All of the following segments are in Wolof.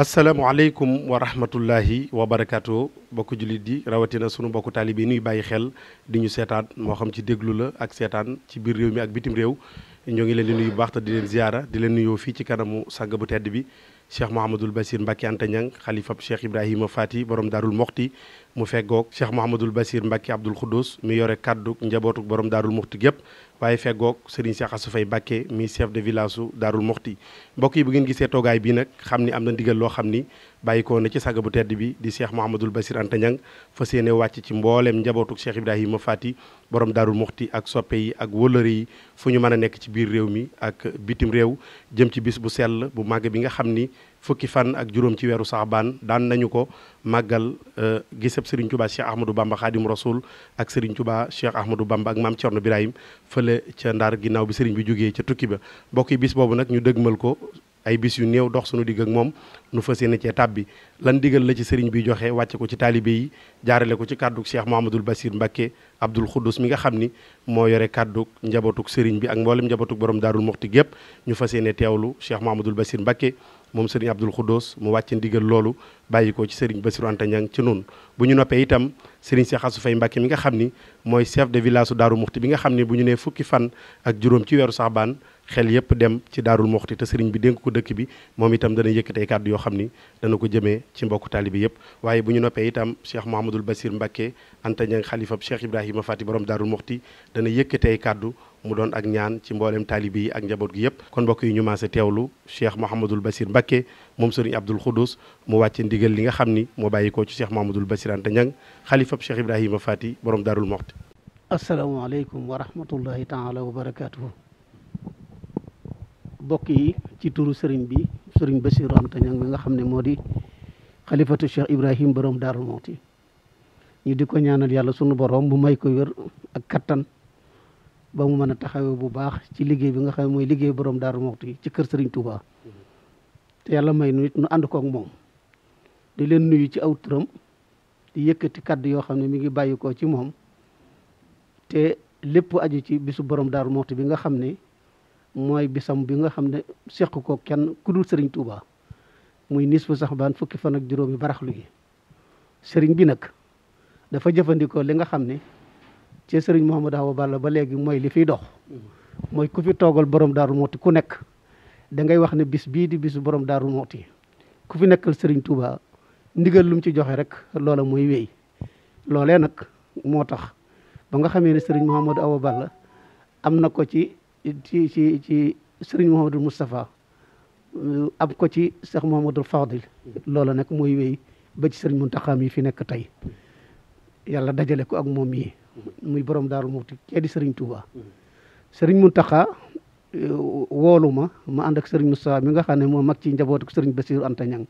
asalaamualeykum wa rahmatullahi wa barakaatu bokku jullit di rawatina sunu mbokku taalibe yi nuy bàyyi xel di ñu seetaan moo xam ci déglu la ak seetaan ci biir réew mi ak bitim réew ñoo ngi leen di nuyu baax te di leen ziyaara di leen nuyoo fii ci kanamu sàng bu tedd bi cheikh Mouhamadul Basir Mbacke Anta Niang xalifab cheikh Ibrahima Fati borom daarul Moxti mu feggoog cheikh Mouhamadul Basir Mbacke Abdoul Khoudous mi yore kàddu njabootuk borom daarul Moxti gépp waaye feggoog Serigne Cheikh su fay bàkkee mi chef de village su Daarul Moxti mbokk yi bu ngeen gisee toogaay bi nag xam ni am na ndigal loo xam ni bàyyi na ci sàgg bu tedd bi di Cheikh Mouhamadoul Bassir Anta Niang fas yéene wàcc ci mbooleem njabootuk Cheikh Ibrahima Faty borom Daarul Moxti ak soppe yi ak wëllëre yi fu ñu mën a nekk ci biir réew mi ak bitim réew jëm ci bis bu sell bu màgg bi nga xam ni fukki fan ak juróom ci weeru saxbaan daan nañu ko màggal euh, gisab Serigne Touba Cheikh Ahmadou Bamba Khadim Rasoul ak Serigne Touba Cheikh Ahmadou Bamba ak maam Thierno Birahim fële ca Ndar ginnaaw bi Serigne bi jógee ca tukki ba bokk bis boobu nag ñu dëgmal ko ay bis yu new dox sunu digg moom nu fa yéene cee tàbbi lan digal la ci sëriñ bi joxe wàcce ko ci taalibe yi jaarale ko ci kàddug cheikh Mouhamadul Basir Mbacke Abdoul Khoudous mi nga xam ni moo yore kàddug njabootug sëriñ bi ak mboolem njabootug borom daarul moxti gépp ñu fas yéene teewlu cheikh Mouhamadul Basir Mbacke moom sëriñ Abdoul Khoudous mu wàcce ndigal loolu bàyyi ko ci sëriñ Basiru Anta Ñang ci noonu bu ñu noppee itam sëriñ Cheikh Assou Faye Mbacke mi nga xam ni mooy chef de village su daaru moxti bi nga xam ni bu ñu nee fukki fan ak juróom ci weeru saxbaan xel yëpp dem ci daarul moxti te sëriñ bi dénk ko dëkk bi moom itam dana yëkkatee kàddu yoo xam ni dana ko jëmee ci mbokku taalibe yëpp waaye bu ñu noppee itam cheikh Mouhamadul Basir Mbacke Anta Niang xalifab cheikh Ibrahima Fati borom daarul moxti dana yëkkatee kàddu mu doon ak ñaan ci mboolem taalibe yi ak njaboot yëpp kon mbokk yi ñu maase teewlu cheikh Mouhamadul Basir Mbacke moom sëriñ Abdul Khoudous mu wàcce ndigal li nga xam ni moo bàyyikoo ci cheikh Mouhamadul Basir Anta Niang xalifab cheikh Ibrahima Fati borom daarul moxti asalaamaaleykum wa rahmatullahi taala wa barakatuhu bokk yi ci tuuru sëriñ bi sëriñ Bassirou Anta Niang mi nga xam ne moo di xalifatu Cheikh Ibrahim borom Darou Mouhty ñu di ko ñaanal yàlla sunu boroom bu may ko wér ak kattan ba mu mën a taxawee bu baax ci liggéey bi nga xam ne mooy liggéey boroom daaru Darou Mouhty ci kër sëriñ Touba te yàlla may nu it nu ànd koog moom di leen nuyu ci aw turam di yëkkati kàddu yoo xam ne mi ngi bàyyi ko ci moom te lépp aju ci bisu borom Darou Mouhty bi nga xam ne. mooy bisam bi nga xam ne seq ko kenn ku dul sëriñ Touba muy nis bu sax baan fukki fan ak juróomi baraxlu gi sëriñ bi nag dafa jëfandikoo li nga xam ne ci sëriñ Mouhamadou Awa Balla ba léegi mooy li fiy dox mooy ku fi toogal borom daaru mooti ku nekk da ngay wax ne bis bii di bisu borom daaru mooti ku fi nekkal sëriñ Touba ndigal lu mu ci joxe rek loola mooy wéy loolee nag moo tax ba nga xamee ne sëriñ Mouhamadou Awa Balla am na ko ci ci ci ci sëriñ Mouhamadul Moustapha euh, am ko ci Cheikh Mouhamadul Fadil loola nag mooy wéy ba ci sëriñ Mountakha yi fi nekk tey yàlla dajale ko ak moom yi muy borom daaru Muxti kee di sëriñ Touba sëriñ Mountakha euh, woolu ma ma ànd ak sëriñ Moustapha mi nga xam ne moo mag ci njabootu sëriñ Bassirou Anta Niang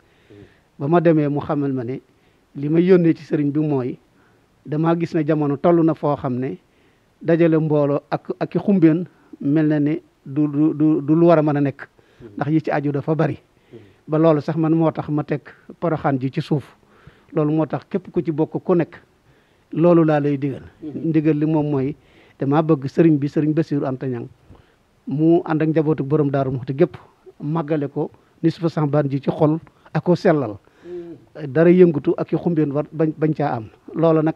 ba ma demee mu xamal ma ne li may yónnee ci sëriñ bi mooy dama gis ne jamono toll na foo xam ne dajale mbooloo ak ak xumbeen mel na ni du du du du lu war a mën a nekk mm-hmm. ndax yi ci aju dafa bari mm-hmm. ba loolu sax man moo tax ma teg poroxaan ji ci suuf loolu moo tax képp ku ci bokk ku nekk loolu laa lay digal mm-hmm. ndigal li moom mooy maa bëgg sëriñ bi sëriñ Bassirou Anta Niang mu ànd ak njabootu borom daaru Muxti gépp màggale ko ni su fa sax ji ci xol ak ko sellal dara yëngutu ak i xumbeen war bañ bañ caa am loolu nag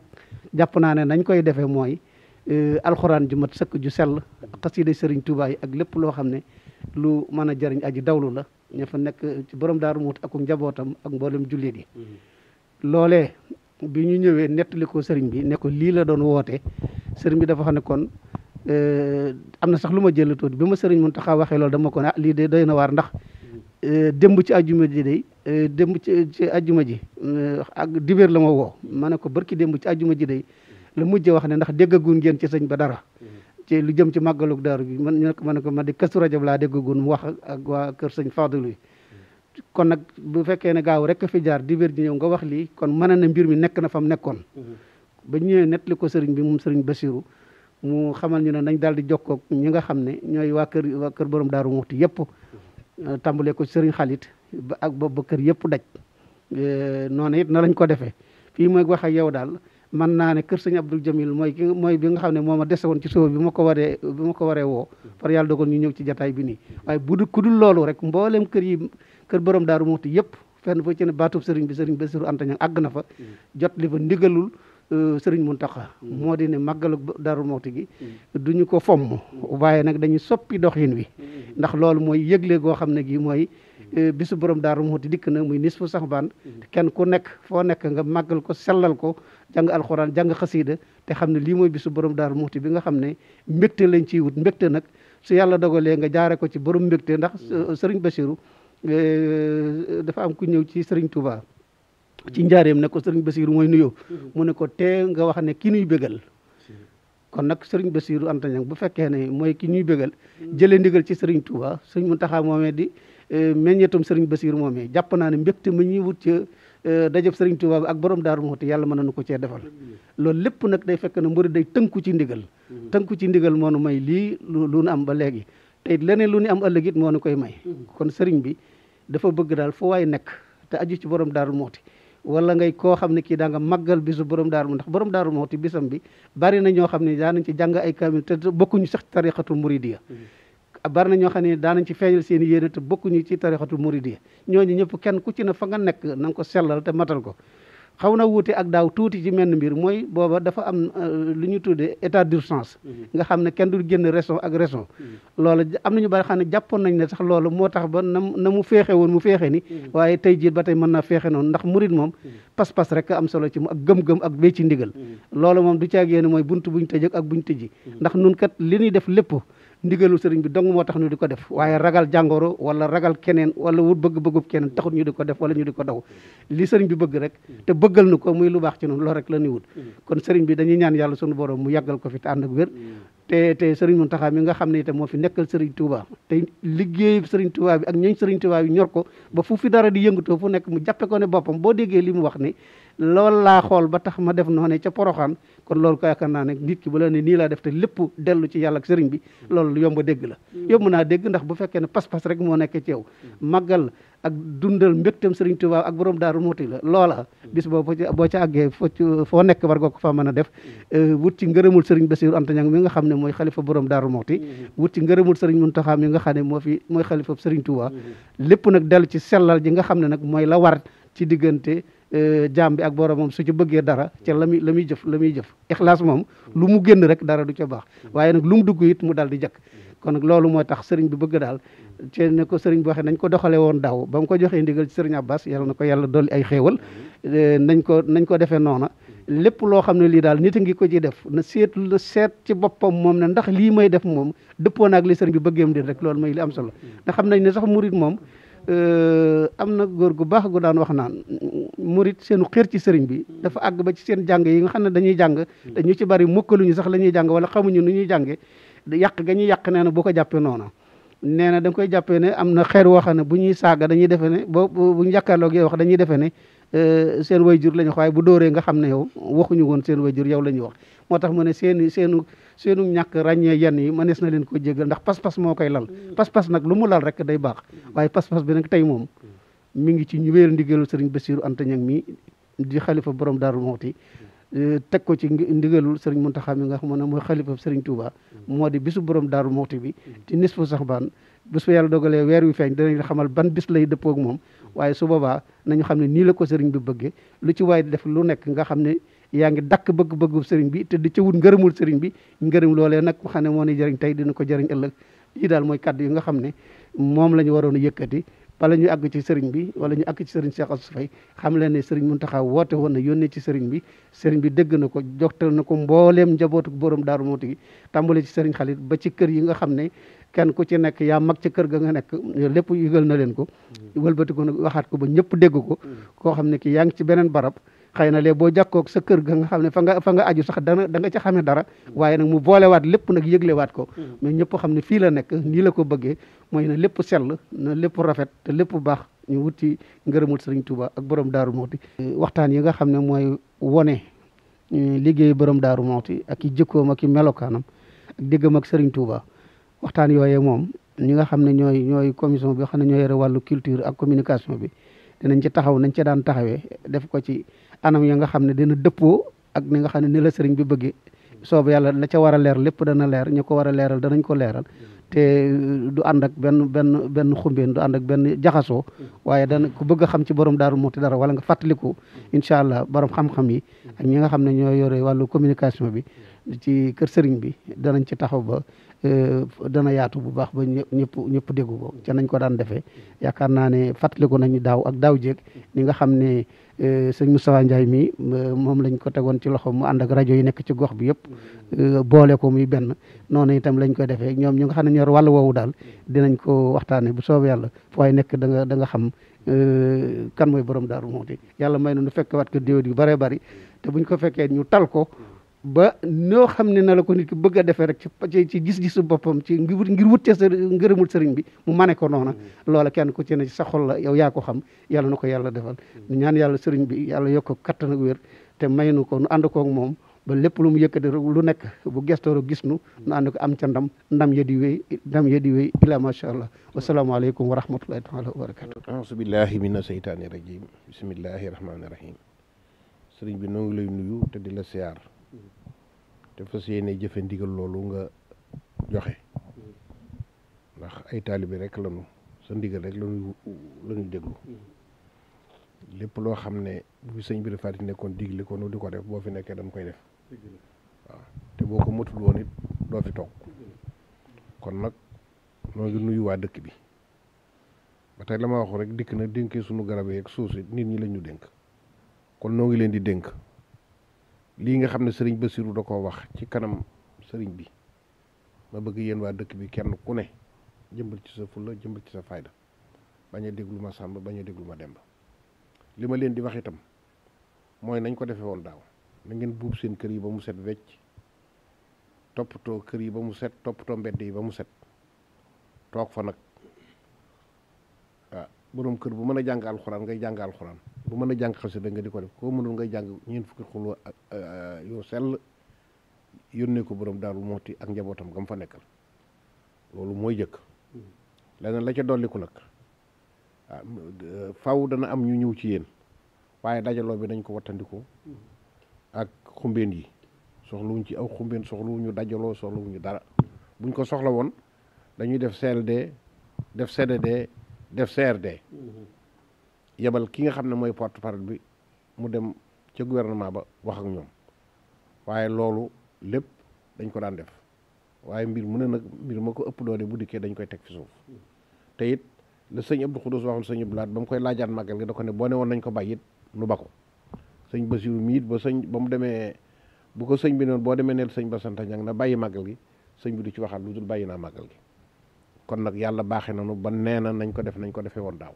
jàpp naa ne nañ koy defee mooy Euh, alxuraan ju mat sëkk ju sell xasida sëriñ Tuubaa yi ak lépp loo xam ne lu mën a jariñ aji dawlu la ña fa nekk ci borom daaru muut ak njabootam ak mboolem jullit yi mm-hmm. loolee bi ñu ñëwee nettali sëriñ bi ne lii la doon wootee sëriñ bi dafa xam ne kon euh, am na sax lu ma jël tuuti bi ma sëriñ Muntaxa waxee loolu dama ko ne ah lii de doy na waar ndax mm-hmm. euh, démb ci ajuma ji day démb ci ci ajuma ji ak dibéer la ma woo ma ne ko barki démb ci ajuma ji day la mujj wax ne ndax déggaguun ngeen ci sëñ ba dara ci lu jëm ci màggalug daaru bi man ñu ne ko man ne ko man di kasu rajab laa déggaguun mu wax ak waa kër sëñ Fadlu yi kon nag bu fekkee ne gaaw rek fi jaar dibéer ji ñëw nga wax lii kon mën na mbir mi nekk na fa mu nekkoon ba ñëwee nettali ko sëriñ bi moom sëriñ Basiru mu xamal ñu ne nañ daal di jokkoog ñi nga xam ne ñooy waa kër waa kër borom daaru muxti yëpp tàmbalee ko sëriñ xalit ba ak boobu ba kër yëpp daj eh, noonu it na lañ ko defee fii wax yow daal man naa ne kër sëñ Abdul Jamil mooy bi nga xam ne moo ma dese woon ci sóob bi ma ko waree bi ma ko waree woo par yàlla dogal ñu ñëw ci jataay bi nii waaye bu du ku dul loolu rek mbooleem kër yi kër borom daaru Muxti yëpp fenn foo ci ne baatub sëriñ bi sëriñ Basiru Anta Ñaŋ àgg na fa jot fa ndigalul euh, sëriñ Muntaxa moo di ne màggalu Daaru Muxti gi duñu ko fomm waaye nag dañuy soppi doxin wi ndax loolu mooy yëgle goo xam ne gi mooy Eh, bisu borom daaru Muxti dikk na muy nisfu baan mhm. kenn ku nekk foo nekk nga màggal ko sellal ko jàng alxuraan jàng xasiida te xam ne lii mooy bisu borom daaru Muxti bi nga xam ne mbégte lañ ci wut mbégte nag su yàlla dogalee nga jaare ko ci borom mbégte ndax mhm. sëriñ Basiru eh, dafa am ku ñëw ci sëriñ Touba ci njaareem ne ko sëriñ Basiru mooy nuyoo mhm. mu ne ko tee nga wax ne ki nuy bégal kon nag sëriñ Basiru Anta Ñang bu fekkee ne mooy kii ñuy bégal jëlee ndigal ci sëriñ Touba sëriñ Muntaxa moomee di Euh, meññeetum sëriñ Basiir moomee jàpp naa ne mbégte mu ñuy wut ca euh, dajab sëriñ Tuubaa bi ak borom daaru Muxti yàlla mën nañu ko cee defal loolu lépp nag day fekk ne mbir day tënku ci ndigal mhm. tënku ci ndigal moo nu may lii lu nu am ba léegi te lu nu am ëllëg moo nu koy may mhm. kon sëriñ bi dafa bëgg daal fu nekk te aju ci borom daaru Muxti wala ngay koo xam ne kii daa nga màggal bisu borom daaru ndax borom daaru Muxti bisam bi bari na ñoo xam ne daa nañ ci jàng ay kaamil te bokkuñu sax tariqatu ya bari na ñoo xam ne daanañ ci feeñal seen i yéene te bokkuñu ci tarixatul muridiyya ñooñu ñëpp kenn ku ci ne fa nga nekk na ko sellal te matal ko xaw na wuute ak daaw tuuti ci menn mbir mooy booba dafa am euh, lu ñu tuddee état d'urgence mm-hmm. nga xam ne kenn du génn raison ak raison mm-hmm. loolu am nañu bari xam ne jàppoon nañ ne sax loolu moo tax ba na na mu féexe woon mu féexe ni mm-hmm. waaye tey jii ba tey mën naa féexe noonu ndax murit moom pas-pas rek am solo ci mu ak gëm-gëm ak ndigal loolu moom du caag yéene mooy bunt buñ tëj ak buñ tëji ndax nun li ñuy def lépp ndigalu sëriñ bi dong moo tax ñu di ko def waaye ragal jàngoro wala ragal keneen wala wut bëgg-bëggub keneen taxut ñu di ko def wala ñu di ko daw li sëriñ bi bëgg rek te bëggal nu ko muy lu baax ci noonu loolu rek la ñuy wut kon sëriñ bi dañuy ñaan yàlla sunu borom mu yàggal ko fi te ànd ak wér te te sëriñ Mountakha mi nga xam ne itam moo fi nekkal sëriñ Touba te liggéey sëriñ Touba bi ak ñooñ sëriñ Touba bi ñor ko ba fu fi dara di yëngatoo fu nekk mu jàppe ko ne boppam boo li mu ni lool laa xool ba tax ma def noonu ca poroxaan kon loolu ko yaakaar naa ne nit ki bu la ne nii laa def te lépp dellu ci yàlla ak sëriñ bi loolu yomb a dégg la mm. yomb naa dégg ndax bu fekkee ne pas-pas rek moo nekk ci yow mm. màggal ak dundal mbégtam sëriñ Tuubaa ak borom daaru muuti la a mm. bis boo boo ci àggee fo foo nekk war nga faa mën a def eh, wut ci ngërëmul sëriñ Basiiru Anta Ñaŋ mi nga xam ne mooy xalifa borom daaru muuti mm-hmm. wut ci ngërëmul sëriñ Muntaxa mi nga xam ne moo fi mooy xalifa sëriñ Tuubaa mm-hmm. lépp nag dellu ci sellal ji nga xam ne nag mooy la war ci diggante Euh, jaam bi ak boromam su ci bëggee dara ca la muy la muy jëf la muy jëf ixlaas moom lu mu génn rek dara du ca baax waaye nag lu mu dugg it mu dal di jëkk kon nag loolu moo tax sëriñ bi bëgg daal ci ne ko sëriñ bi waxee nañ ko doxale woon daaw ba mu ko joxee ndigal ci sëriñ Abbas yàlla na ko yàlla dolli ay xéewal euh, nañ ko nañ ko defee noona lépp loo xam ne lii daal nit a ngi ko ci def na seet na seet ci boppam moom ne ndax lii may def moom dëppoo naag li sëriñ bi bëggeem di rek loolu mooy li am solo Euh, am na góor gu baax gu daan wax naan murit seenu xër ci sëriñ bi dafa àgg ba ci seen jàng yi nga xam ne dañuy jàng te ñu ci bari mokkaluñu sax la ñuy jàng wala xamuñu nu ñuy da yàq ga ñuy yàq nee na bu ko jàppee noonu nee na da koy jàppee ne am na xeer wax xam ne bu ñuy saaga dañuy defe ne boo bu ñu jàkkaarloog yow wax dañuy defe ne Euh, seen wayjur lañ wax waaye bu dóoree nga xam ne yow waxuñu woon seen wayjur yow la ñuy wax moo tax mu ne seeni seenu seenu ñàkk ràññee yenn yi ma mënees na leen ko jéggal ndax pas-pas moo koy lal mm. pas-pas nag lu mu lal rek day baax mm. waaye pas-pas bi nag tey moom mi ngi ci ñu wéer ndigalu sëriñ Bassirou Anta Niang mi di xalifa borom moo Mouhty mm. euh, teg ko ci ndigalul sëriñ Mountakha mi nga xam ne mooy xalifa sëriñ Touba moo di bisu borom moo Mouhty bi ci nisfu saxbaan bés bu yàlla dogalee weer wi feeñ danañ xamal ban bis lay dëppoo moom waaye su boobaa nañu xam ne nii la ko sëriñ bi bëggee lu ci waay def lu nekk nga xam ne yaa ngi dakk bëgg-bëggu sëriñ bi te di ca wut ngërëmul sëriñ bi ngërëm loolee nag xam ne moo ne jëriñ tey dina ko jëriñ ëllëg lii mooy kàddu yi nga xam ne moom la ñu waroon a yëkkati bala ñu àgg ci sëriñ bi wala ñu àgg ci sëriñ Cheikh Assou Faye xam leen ne mun Mountakha woote woon na yónnee ci sëriñ bi sëriñ bi dégg na ko joxtal na ko mbooleem njabootu borom daaru Mouti gi tàmbale ci sëriñ ba ci kër yi nga xam ne kenn ku ci nekk yaa mag ci kër ga nga nekk lépp yëgal na leen ko walbati ko nag waxaat ko ba ñëpp dégg ko koo xam ne ki yaa ngi ci beneen barab xëy na léegi boo jàkkook sa kër ga nga xam ne fa nga fa nga aju sax dana da nga ci xamee dara waaye nag mu boolewaat lépp nag yëglewaat ko mais ñëpp xam ne fii la nekk nii la ko bëggee mooy na lépp sell na lépp rafet te lépp baax ñu wuti ngërëmul sëriñ Touba ak borom Daaru Muxti waxtaan yi nga xam ne mooy wone eh, liggéey borom Daaru Muxti ak i jikkoom ak i melokaanam ak sëriñ Touba waxtaan yooye moom ñi nga xam ne ñooy ñooy commission bi xam ne ñoo yore wàllu culture ak communication bi dinañ ci taxaw nañ ci daan taxawee def ko ci anam ya nga xam ne dina dëppoo ak ni nga xam ne ni la sëriñ bi bëggee soobu yàlla la ca war a leer lépp dana leer ñu ko war a leeral danañ ko leeral te uh, du ànd ak benn benn benn xumbeen du benn jaxasoo waaye dana ku bëgg a xam ci borom daaru muuti dara wala nga fàttaliku incha allah borom xam-xam yi ak ñi nga xam ne ñoo yore wàllu communication bi ci kër sëriñ bi danañ ci taxaw ba Euh, dana yaatu bu baax ba ñëpp ñëpp déggu ko ca nañ ko daan defee yaakaar naa ne fàttaliku nañu daaw ak daaw jéeg ni nga xam ne euh, sëñ Moustapha Ndiaye mi euh, moom lañ ko tegoon ci loxo mu ànd ak rajo yi nekk ci gox bi yëpp boole ko muy benn noonu itam lañ koy defee ñoom ñu nga xam ne ñor wàllu woowu daal dinañ ko waxtaane bu soobee yàlla waaye nekk da nga da nga xam kan mooy borom daaru moom yàlla may na nu fekk wat ko déwét yu bëree bëri te buñ ko fekkee ñu tal ko ba noo xam ne na la ko nit ki bëgg a defee rek ci ci gis-gisu boppam ci ngir wutte sa ngërëmul sëriñ bi mu mane ko noona mm-hmm. loola kenn ku ci ne sa xol la yow yaa ko xam yàlla na ko yàlla defal mm-hmm. ñaan yàlla sëriñ bi yàlla yokko ko kattan ak te may nu ko nu ànd koog moom ba lépp lu mu yëkkati lu nekk bu gestooro gis nu nu ànd ko am ca ndam ndam ya di wéy ndam ya di wéy ila macha allah mm-hmm. wasalaamaaleykum wa rahmatullahi taala wa barakatu aousubillahi mina seytaani rajim bismillahi rahmaani rahim sëriñ bi noo ngi lay nuyu te di la siyaar te fas yéene jëfe ndigal loolu nga joxe ndax ay taalibe rek lañu sa ndigal rek lañuy lañuy déglu lépp loo xam ne bu sëñ bi dafa nekkoon digli ko nu di ko boo fi nekkee dañ koy def te boo ko matul woon doo fi toog kon nag noo ngi waa dëkk bi ba tey la ma wax rek dikk na dénkee sunu garab yeeg nit ñi lañu dénk kon noo leen di dénk lii nga xam ne sëriñ ba siru da koo wax ci kanam sëriñ bi ma bëgg yéen waa dëkk bi kenn ku ne jëmbal ci sa fulla jëmbal ci sa fayda bañ a déglu ma sàmb bañ a déglu ma demb li ma leen di wax itam mooy nañ ko defee woon daaw na ngeen buub seen kër yi ba mu set wecc toppatoo kër yi ba mu set toppatoo mbedd yi ba mu set toog fa nag ah boroom kër bu mën a jàng alxuraan ngay jàng alxuraan bu mën a jàng xasida nga di ko def koo mënul ngay jàng ñeent fukki xuloo ak euh, yu sell yónnee ko borom daaru mooti ak njabootam gam fa nekkal loolu mooy jëkk leneen la ca dolliku nag ah, faw dana am ñu ñëw ci yéen waaye dajaloo bi dañ ko wattandiku ak xumbeen yi soxlawuñ ci aw xumbeen soxlawuñu dajaloo soxlawuñu dara buñ ko soxla woon dañuy def CLD def CDD def CRD mm-hmm. yebal ki nga xam ne mooy port parole bi mu dem ca gouvernement ba wax ak ñoom waaye loolu lépp dañ ko daan def waaye mbir mu ne nag mbir ma ko ëpp doole bu dikkee dañ koy teg fi suuf te it le sëñ Abdou Khoudous waxoon sëñ Abdou Lahat ba mu koy laajaat màggal gi da ko ne boo ne woon nañ ko bayit nu ba ko sëñ Basiru mi it ba sëñ ba mu demee bu ko sëñ bi noonu boo demee neel sëñ Basanta ñang na bàyyi màggal gi sëñ bi du ci waxaat lu dul bàyyi naa màggal gi kon nag yàlla baaxee nu ba nee na nañ ko def nañ ko defee woon daaw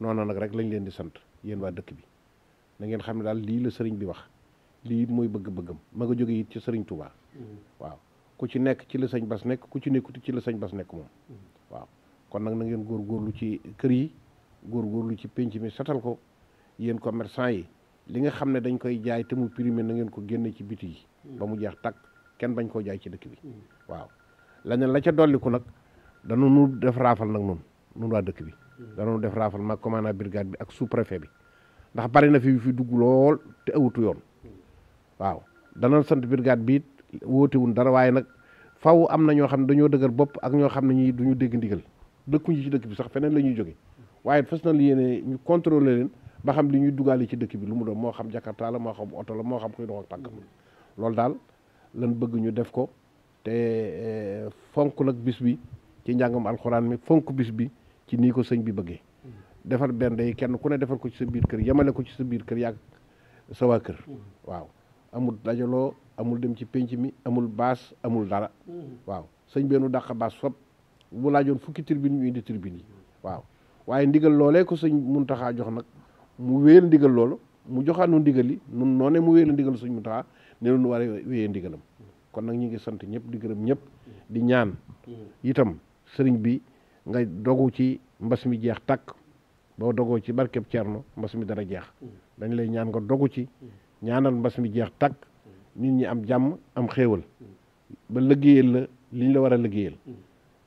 noona nag rek lañ leen di sant yéen waa dëkk bi na ngeen xam ne daal lii la sëriñ bi wax lii mooy bëgg-bëggam ma nga jóge yit ci sëriñ Touba. Mm-hmm. waaw ku ci nekk ci la sëñ Bas nekk ku ci nekkut ci la sëñ Bas nekk moom. Mm-hmm. waaw kon nag na góor góorgóorlu ci kër yi góor góorgóorlu ci penc mi setal ko yéen commerçant yi li nga xam ne dañ koy jaay te mu primé na ngeen ko génne ci biti yi. Mm-hmm. ba mu jeex takk kenn bañ koo jaay ci dëkk bi. waaw leneen la ca dolliku nag danu nu def raafal nag noonu waa dëkk bi. danoon def raafal maag commandant brigade bi ak sous bi ndax bari na fi fi dugg lool te awutu yoon waaw danoon sant brigade bi it wun dara waaye nag faw am na ñoo xam ne dañoo dëgër bopp ak ñoo xam ne ñi duñu dégg ndigal ñu ci dëkk bi sax feneen la ñuy jóge waaye fas na li yéene ñu contrôler leen ba xam li ñuy dugaale ci dëkk bi lu mu doon moo xam jakarta la moo xam oto la moo xam kuy dox ak ma loolu daal lan bëgg ñu def ko te eh, fonk nag bis bi ci njàngam alxuraan mi fonk bis bi ci nii ko sëñ bi bëggee defar benn day kenn ku ne defar ko ci sa biir kër yemale ko ci sa biir kër yàgg sa waa kër waaw amul dajaloo amul dem ci penc mi amul baas amul dara waaw sëñ beenu dàq baas fop bu laajoon fukki tribune ñu di tribune yi waaw waaye ndigal loolee ko sëñ mun taxaa jox nag mu wéyal ndigal loolu mu joxaanu ndigal yi nun noonee mu wéyal ndigal sëñ Muntaxa ne lu nu war a wéyee ndigalam kon nag ñu ngi sant ñëpp di gërëm ñëpp di ñaan mm. sëriñ bi nga dogu ci mbas mi jeex takk boo dogoo ci barkeb Cerno mbas mi dara jeex mm. dañ lay ñaan nga dogu ci ñaanal mbas mi jeex takk mm. nit ñi am jàmm am xéewal mm. ba liggéeyal la liñ la war a liggéeyal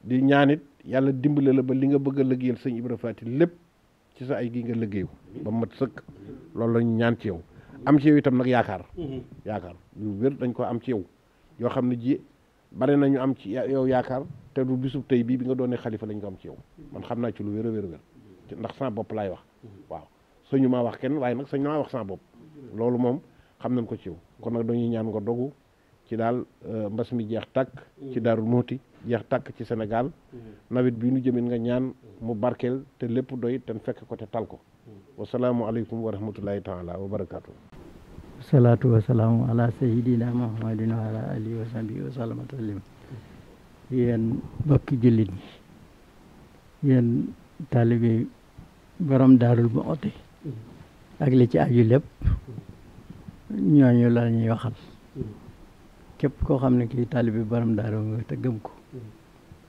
di ñaanit yàlla dimbale la ba li nga bëgg a liggéeyal sëñ Ibra Faati lépp ci sa ay gi nga liggéeyu ba mat sëkk loolu la ñaan ci yow am ci yow itam nag yaakaar mm-hmm. yaakaar yu wér dañ ko am ci yow yoo xam ne ji bari nañu am ci yow yaakaar te du bisub tey bii bi nga doonee xalifa lañ ko am ci yow man xam naa ci lu wéra a wér ndax sama bopp laay wax waaw sëñu maa wax kenn waaye nag suñu maa wax sama bopp loolu moom xam nañ ko ci yow kon nag dañuy ñaan nga dogu ci daal euh, mbas mi jeex takk ci Daaru Muhti jeex tàkk ci Sénégal nawet bii nu jëmin nga ñaan mu barkeel te lépp doy te fekk ko te tal ko wasalaamualeykum wa rahmatullahi taala wa barakaatu. salaatu wasalaamu ala sayidina muhammadin wa alihi wa sahbihi wa sallama taslima jullit ñi yéen taalibe borom daarul muxti ak li ci aju lépp ñooñu la ñuy képp koo xam ne kii taalibe borom daaru nga te gëm ko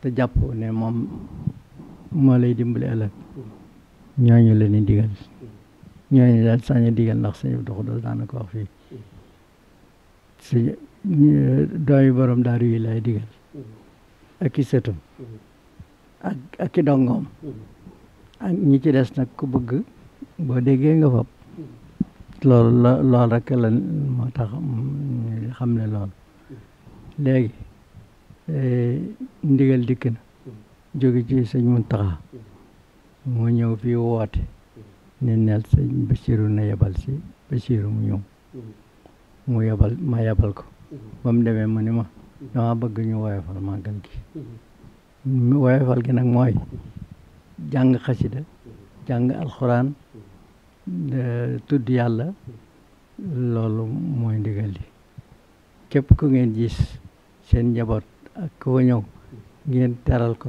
te jàpp ne moom moo lay dimbali ëllëg ñooñu la ñuy digal ñooñu daal sañ a digal ndax sëñ Abdou Khoudoss daana ko wax fii sëñ doomi borom daaru yi lay digal ak i sëtam ak ak i dongoom ak ñi ci des na ku bëgg boo déggee nga fab loolu la loolu rek moo tax xam ne loolu léegi eh, ndigal dikk na jóge ci sëñ Muntaxa moo ñëw fii woote ne neel sëñ na yebal si Basiiru mu ñëw mm-hmm. mu yebal ma yebal ko mm-hmm. ba mu demee mu ni ma dama bëgg ñu woyofal màggal gi mm-hmm. woyofal gi nag mooy jàng xasida jàng alxuraan tudd yàlla loolu mooy ndigal li képp ku ngeen gis seen njaboot ak ku ñëw ngeen teral ko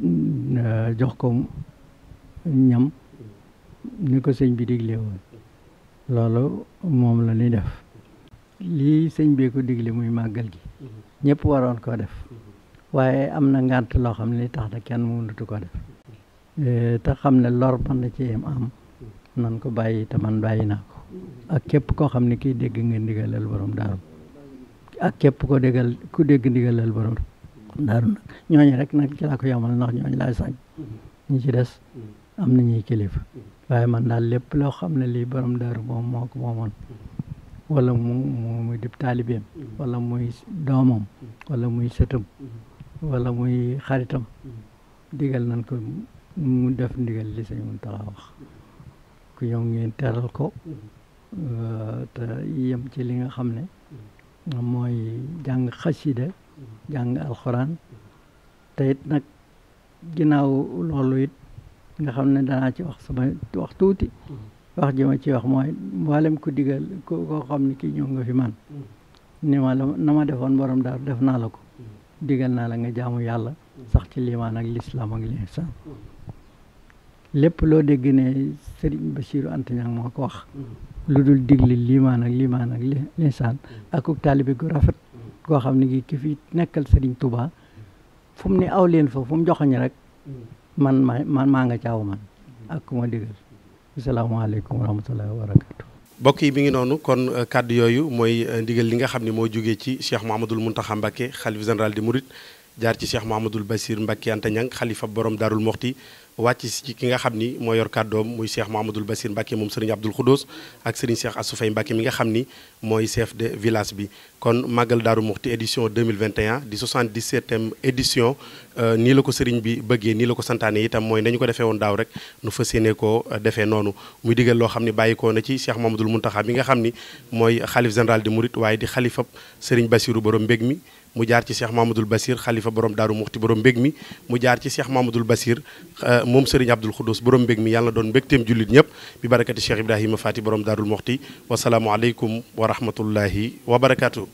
mm, jox ko ñam ni ko sëñ bi digle woon loolu moom la ñuy def lii sëñ bi ko digle muy màggal gi ñëpp waroon koo def waaye am na ngànt loo xam ne li tax na kenn mënatu ko def e, te xam ne lor mën na ci am nan ko bàyyi te man bàyyi naa ko ak képp koo xam ne kiy dégg nga ndigalal borom daaru ak képp ko déggal ku dégg ndigalal borom rek nag ci laa ko yomal ndax ñooñu laay sañ ñi ci des am na ñuy kilifa waaye man daal lépp loo xam ne lii borom daaru moom moo ko moomoon wala mu muy dib taalibeem wala muy doomam walla muy sëtam wala muy xaritam digal nañ ko mu def ndigal li Sëñ Muntaxa wax ku ñëw ngeen teral ko te yem ci li nga xam ne mooy jàng xasida jàng alxuraan te it nag ginaaw loolu it nga xam ne danaa ci wax sama wax tuuti mm-hmm. wax ji ma ci wax mooy mboolem ku digal ko koo xam ne kii ñëw nga fi man mm-hmm. ni ma la na ma defoon borom daal def naa la ko mm-hmm. digal naa la nga jaamu yàlla sax ci liimaan ak lislaam ak lihsaan lépp loo dégg ne Serigne Bassirou Anta Niang moo ko wax lu dul digle liimaan ak liimaan ak lihsaan ak taalibe gu rafet koo xam ne gi ki fi nekkal Serigne Touba fu mu ne aw leen fa fu joxoñ rek man ma man maa nga caaw man ak ku ma digal asalaamaaleykum wa rahmatullahi wa barakatu mbokk yi mi ngi noonu kon euh, kàddu yooyu mooy euh, ndigal li nga xam ne moo jógee ci Cheikh Mouhamadoul Mountakha Mbacké xalif général di Mouride jaar ci Cheikh Mouhamadul Basir Mbacke Anta Niang xalifa borom Darul Moxti wàcc ci ki nga xam ni moo yor kàddoom muy Cheikh Mouhamadul Basir Mbacke moom Serigne Abdoul Khoudous ak Serigne Cheikh Assou Faye Mbacke mi nga xam ni mooy chef de bi. kon Magal Darul Moxti édition 2021 di 77e édition euh, la ko Serigne bi bëggee nii la ko santaane itam mooy nañu ko defee woon daaw rek nu fas yéene koo euh, defee noonu. muy digal loo xam ni bàyyikoo na ci Cheikh Mouhamadul Mountakha mi nga xam ni mooy xalif général de Mouride waaye di xalifab Serigne Bassirou borom mbég mi. mu jaar ci Cheikh Mamadou Bassir xalifa borom daaru muxti borom mbég mi mu jaar ci Cheikh Mamadou Bassir moom Serigne Abdoul Khoudous borom mbég mi yàlla doon mbégteem jullit ñëpp bi barakati Cheikh Ibrahima Faati borom daarul muxti wasalaamualeykum wa rahmatullahi wa barakaatu.